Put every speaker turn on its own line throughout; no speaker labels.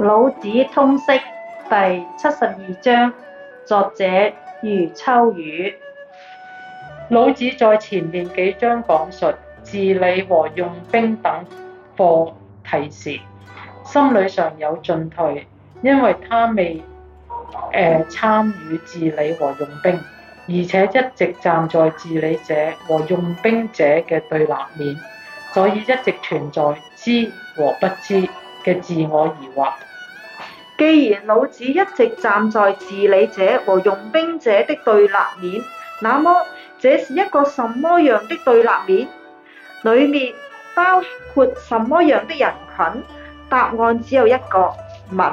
老子通釋第七十二章，
作者余秋雨。老子在前面幾章講述治理和用兵等課題時，心理上有進退，因為他未誒、呃、參與治理和用兵，而且一直站在治理者和用兵者嘅對立面，所以一直存在知和不知嘅自我疑惑。
既然老子一直站在治理者和用兵者的對立面，那麼這是一個什麼樣的對立面？裏面包括什麼樣的人群？答
案只有一個，民。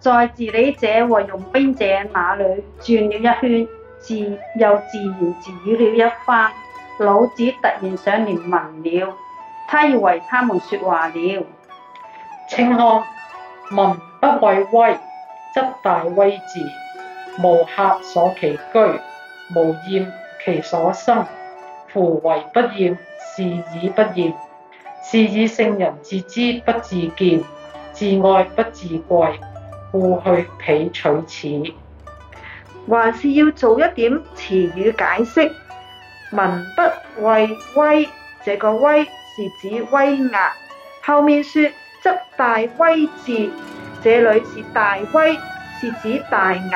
在治理者和用兵者那裏轉了一圈，自又自言自語了一番。老子突然想連民了，他要為他們說話了。
清康，民不畏威，則大威至。無客所其居，無厭其所生。夫唯不厭，是以不厭。是以聖人自知不自見，自愛不自貴，故去彼取此。
還是要做一點詞語解釋。民不畏威，這個威是指威壓。後面說。則大威至，這裏是大威，是指大危。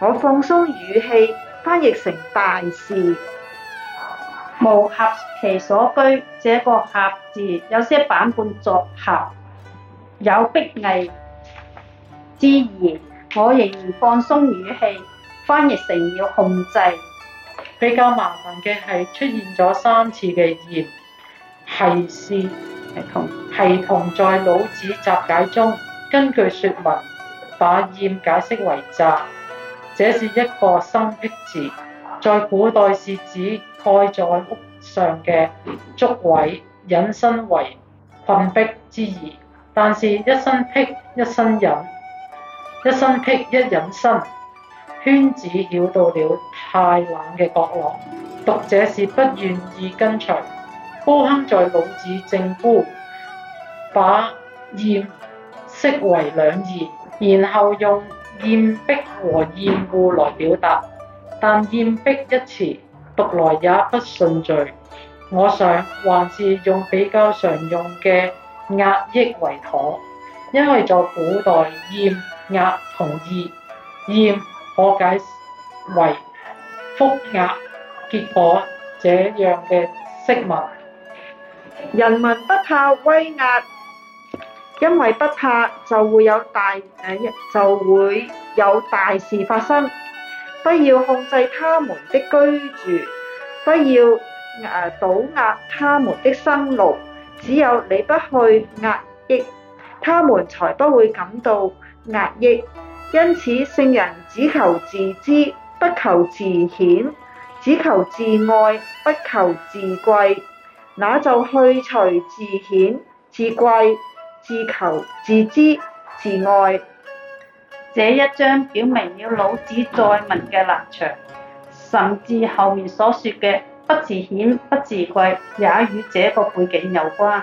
我放鬆語氣，翻譯成大事。無合其所居，這個合字有些版本作合，有逼危之意。我仍然放鬆語氣，
翻譯成要控制。比較麻煩嘅係出現咗三次嘅厭，係是係同。奚侗在《老子集解》中，根據說文，把“厭”解釋為“笮”，這是一個生僻字，在古代是指蓋在屋上嘅竹圍，引申為困迫之意。但是一身，一身迫，一身隱，一身迫，一隱身，圈子繞到了太冷嘅角落，讀者是不願意跟隨。高亨在《老子正詁》，把厭釋為兩義，然後用厭迫和厭惡來表達。但厭迫一詞讀來也不順序，我想還是用比較常用嘅壓抑為妥，因為在古代厭、壓同義，厭可解為覆壓，結果這樣嘅釋文，人民不怕威壓。
因為不怕，就會有大誒，一就會有大事發生。不要控制他們的居住，不要誒，倒壓他們的生路，只有你不去壓抑，他們才不會感到壓抑。因此聖人只求自知，不求自顯；只求自愛，不求自貴。那就去除自顯自貴。自求、
自知、自愛。這一章表明了老子在民嘅立場，甚至後面所說嘅不自顯、不自貴，也與這個背景有關。